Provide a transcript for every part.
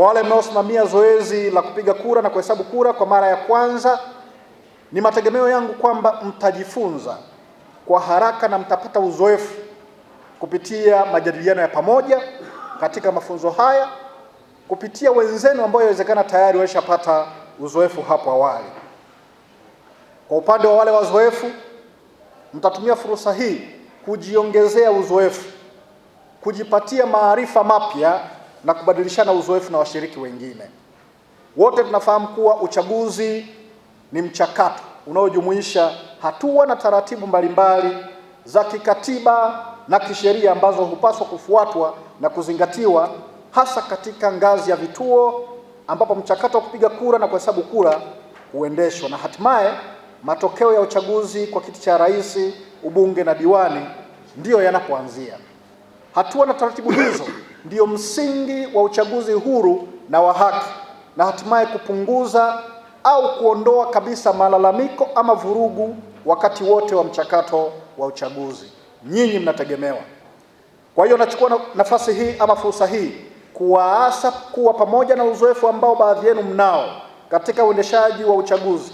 Kwa wale mnaosimamia zoezi la kupiga kura na kuhesabu kura kwa mara ya kwanza, ni mategemeo yangu kwamba mtajifunza kwa haraka na mtapata uzoefu kupitia majadiliano ya pamoja katika mafunzo haya, kupitia wenzenu ambao inawezekana tayari wameshapata uzoefu hapo awali. Kwa upande wa wale wazoefu, mtatumia fursa hii kujiongezea uzoefu, kujipatia maarifa mapya na kubadilishana uzoefu na washiriki wengine. Wote tunafahamu kuwa uchaguzi ni mchakato unaojumuisha hatua na taratibu mbalimbali za kikatiba na kisheria ambazo hupaswa kufuatwa na kuzingatiwa hasa katika ngazi ya vituo ambapo mchakato wa kupiga kura na kuhesabu kura huendeshwa na hatimaye matokeo ya uchaguzi kwa kiti cha rais, ubunge na diwani ndiyo yanapoanzia. Hatua na taratibu hizo ndio msingi wa uchaguzi huru na wa haki na hatimaye kupunguza au kuondoa kabisa malalamiko ama vurugu wakati wote wa mchakato wa uchaguzi. Nyinyi mnategemewa. Kwa hiyo nachukua nafasi hii ama fursa hii kuwaasa kuwa pamoja na uzoefu ambao baadhi yenu mnao katika uendeshaji wa uchaguzi,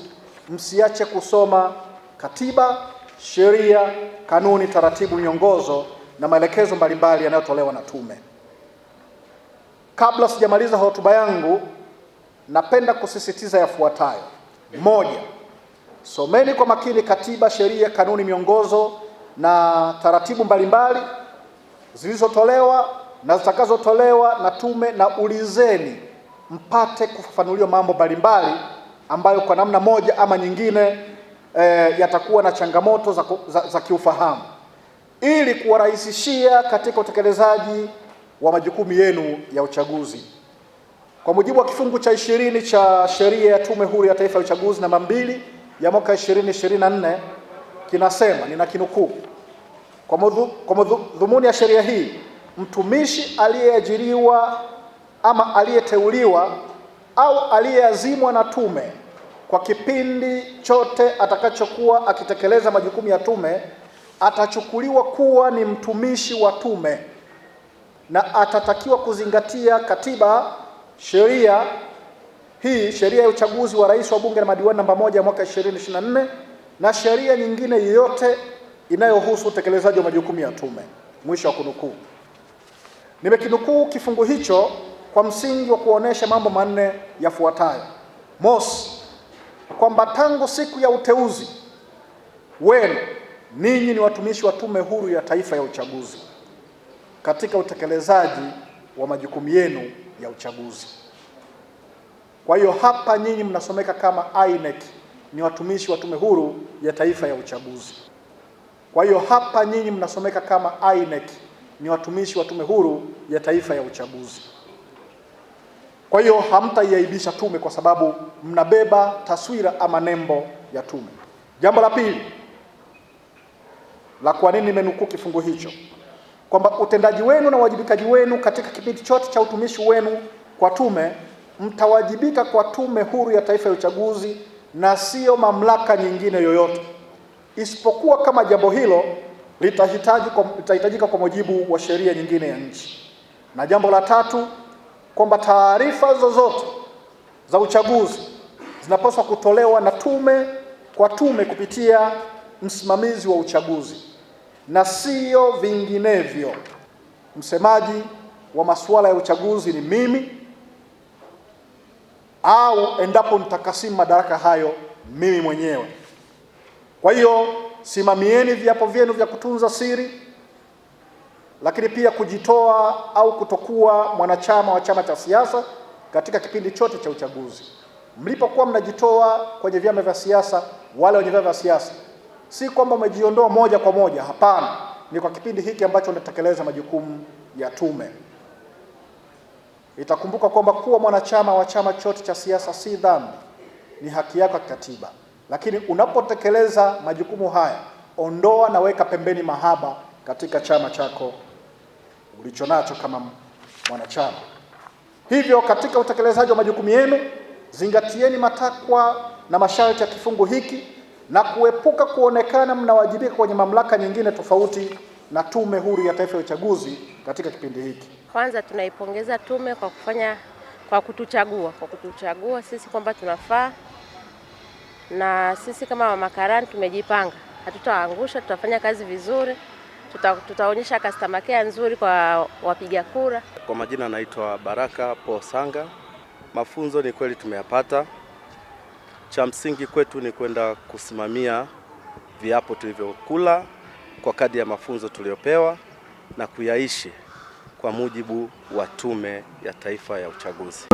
msiache kusoma katiba, sheria, kanuni, taratibu, nyongozo na maelekezo mbalimbali yanayotolewa na tume. Kabla sijamaliza hotuba yangu, napenda kusisitiza yafuatayo: moja, someni kwa makini katiba, sheria, kanuni, miongozo na taratibu mbalimbali zilizotolewa na zitakazotolewa na tume, na ulizeni mpate kufafanuliwa mambo mbalimbali ambayo kwa namna moja ama nyingine e, yatakuwa na changamoto za, za, za kiufahamu ili kuwarahisishia katika utekelezaji wa majukumu yenu ya uchaguzi. Kwa mujibu wa kifungu cha ishirini cha sheria ya Tume Huru ya Taifa ya Uchaguzi namba mbili ya mwaka 2024 kinasema, kinukuu kwa madhumuni ya sheria hii, mtumishi aliyeajiriwa ama aliyeteuliwa au aliyeazimwa na tume kwa kipindi chote atakachokuwa akitekeleza majukumu ya tume atachukuliwa kuwa ni mtumishi wa tume na atatakiwa kuzingatia katiba, sheria hii, sheria ya uchaguzi wa rais wa bunge na madiwani namba moja mwaka 2024 na sheria nyingine yoyote inayohusu utekelezaji wa majukumu ya tume. Mwisho wa kunukuu. Nimekinukuu kifungu hicho kwa msingi wa kuonesha mambo manne yafuatayo. Mosi, kwamba tangu siku ya uteuzi wenu ninyi ni watumishi wa Tume Huru ya Taifa ya Uchaguzi katika utekelezaji wa majukumu yenu ya uchaguzi. Kwa hiyo hapa nyinyi mnasomeka kama INEC, ni watumishi wa Tume Huru ya Taifa ya Uchaguzi. Kwa hiyo hapa nyinyi mnasomeka kama INEC, ni watumishi wa Tume Huru ya Taifa ya Uchaguzi. Kwa hiyo hamtaiaibisha tume kwa sababu mnabeba taswira ama nembo ya tume. Jambo la pili la kwa nini nimenukuu kifungu hicho kwamba utendaji wenu na uwajibikaji wenu katika kipindi chote cha utumishi wenu kwa tume, mtawajibika kwa Tume Huru ya Taifa ya Uchaguzi na siyo mamlaka nyingine yoyote, isipokuwa kama jambo hilo litahitajika kwa, litahitajika kwa mujibu wa sheria nyingine ya nchi. Na jambo la tatu, kwamba taarifa zozote za uchaguzi zinapaswa kutolewa na tume kwa tume kupitia msimamizi wa uchaguzi na sio vinginevyo. Msemaji wa masuala ya uchaguzi ni mimi, au endapo nitakasimu madaraka hayo mimi mwenyewe. Kwa hiyo simamieni viapo vyenu vya kutunza siri, lakini pia kujitoa au kutokuwa mwanachama wa chama cha siasa katika kipindi chote cha uchaguzi. Mlipokuwa mnajitoa kwenye vyama vya siasa, wale wenye vyama vya siasa si kwamba umejiondoa moja kwa moja, hapana, ni kwa kipindi hiki ambacho unatekeleza majukumu ya tume. Itakumbuka kwamba kuwa mwanachama wa chama chote cha siasa si dhambi, ni haki yako ya kikatiba, lakini unapotekeleza majukumu haya, ondoa na weka pembeni mahaba katika chama chako ulicho nacho kama mwanachama. Hivyo, katika utekelezaji wa majukumu yenu, zingatieni matakwa na masharti ya kifungu hiki na kuepuka kuonekana mnawajibika kwenye mamlaka nyingine tofauti na Tume Huru ya Taifa ya Uchaguzi katika kipindi hiki. Kwanza tunaipongeza tume kwa kufanya kwa kutuchagua kwa kutuchagua sisi kwamba tunafaa, na sisi kama wamakarani tumejipanga, hatutaangusha, tutafanya kazi vizuri, tuta, tutaonyesha customer care nzuri kwa wapiga kura. Kwa majina naitwa Baraka Po Sanga. Mafunzo ni kweli tumeyapata. Cha msingi kwetu ni kwenda kusimamia viapo tulivyokula kwa kadi ya mafunzo tuliyopewa na kuyaishi kwa mujibu wa Tume ya Taifa ya Uchaguzi.